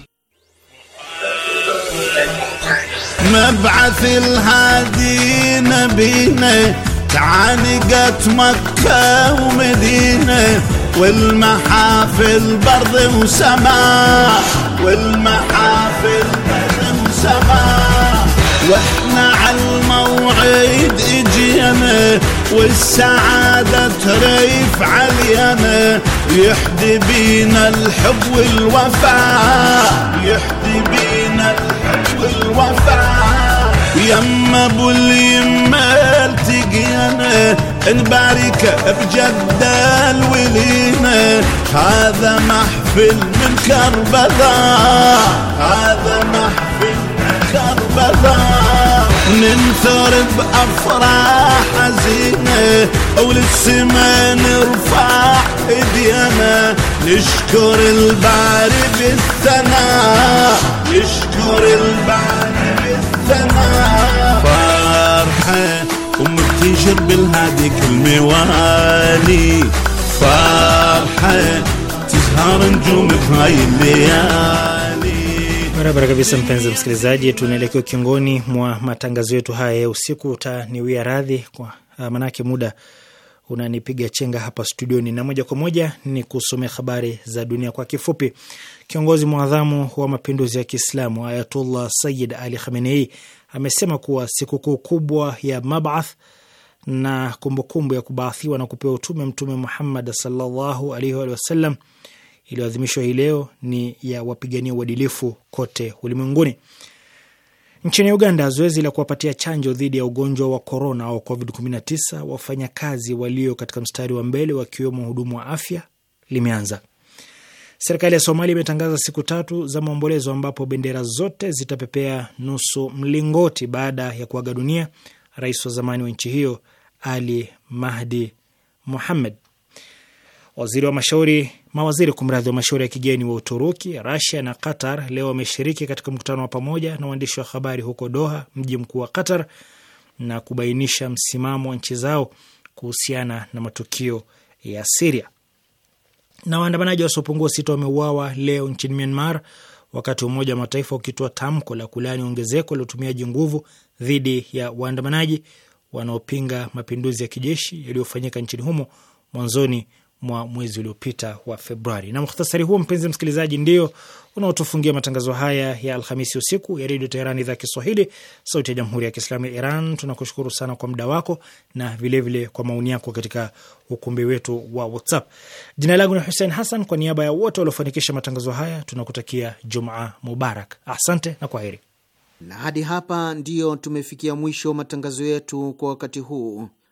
مبعث الهادي نبينا تعانقت مكة ومدينة والمحافل برض وسماء والمحافل برض وسماء واحنا عالموعد اجينا والسعادة تريف علينا يحدي بينا الحب والوفاء يحدي بينا الحب والوفاء يما ابو اليما التقينا نبارك بجد الولينا هذا محفل من كربلاء هذا محفل من كربلاء ننثر بأفراح حزينة وللسما نرفع ايدينا نشكر الباري بالثناء نشكر الباري فرحة بالهادي كل موالي فرحة نجوم بهاي الليالي barabara kabisa, mpenzi msikilizaji, tunaelekea ukingoni mwa matangazo yetu haya ya usiku. Utaniwia radhi kwa ah, manake muda unanipiga chenga hapa studioni, na moja kwa moja ni kusomea habari za dunia kwa kifupi. Kiongozi mwadhamu wa mapinduzi ya Kiislamu Ayatullah Sayyid Ali Khamenei amesema kuwa sikukuu kubwa ya Mabath na kumbukumbu ya kubaathiwa na kupewa utume Mtume Muhammad sallallahu alaihi wasallam iliyoadhimishwa hii leo ni ya wapigania uadilifu kote ulimwenguni. Nchini Uganda, zoezi la kuwapatia chanjo dhidi ya ugonjwa wa korona au COVID-19 wafanyakazi walio katika mstari wa mbele wakiwemo wahudumu wa afya limeanza. Serikali ya Somalia imetangaza siku tatu za maombolezo ambapo bendera zote zitapepea nusu mlingoti baada ya kuaga dunia rais wa zamani wa nchi hiyo Ali Mahdi muhammed Waziri wa mashauri Mawaziri kumradhi wa mashauri ya kigeni wa Uturuki, Rasia na Qatar leo wameshiriki katika mkutano wa pamoja na waandishi wa habari huko Doha, mji mkuu wa Qatar, na kubainisha msimamo wa nchi zao kuhusiana na matukio ya Siria. Na waandamanaji wasiopungua sita wameuawa leo nchini Myanmar, wakati Umoja wa Mataifa ukitoa tamko la kulaani ongezeko la utumiaji nguvu dhidi ya waandamanaji wanaopinga mapinduzi ya kijeshi yaliyofanyika nchini humo mwanzoni mwa mwezi uliopita wa Februari. Na mukhtasari huo, mpenzi msikilizaji, ndio unaotufungia matangazo haya ya Alhamisi usiku ya Redio Teheran, idhaa Kiswahili, sauti ya Jamhuri ya Kiislamu ya Iran. Tunakushukuru sana kwa muda wako na vilevile vile kwa maoni yako katika ukumbi wetu wa WhatsApp. Jina langu ni Hussein Hassan, kwa niaba ya wote waliofanikisha matangazo haya tunakutakia Jumaa Mubarak. Asante na heri. Na hadi hapa ndiyo tumefikia mwisho matangazo yetu kwa wakati huu.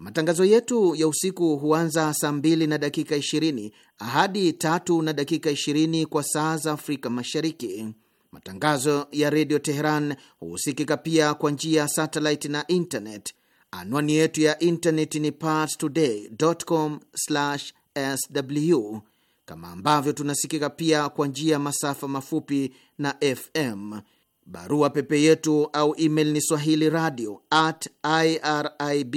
Matangazo yetu ya usiku huanza saa b na dakika 2shii0 hadi tatu na dakika ishirini kwa saa za Afrika Mashariki. Matangazo ya redio Teheran huhusikika pia kwa njia ya satellite na internet. Anwani yetu ya internet ni parstoday.com/sw, kama ambavyo tunasikika pia kwa njia ya masafa mafupi na FM. Barua pepe yetu au email ni swahili radio at irib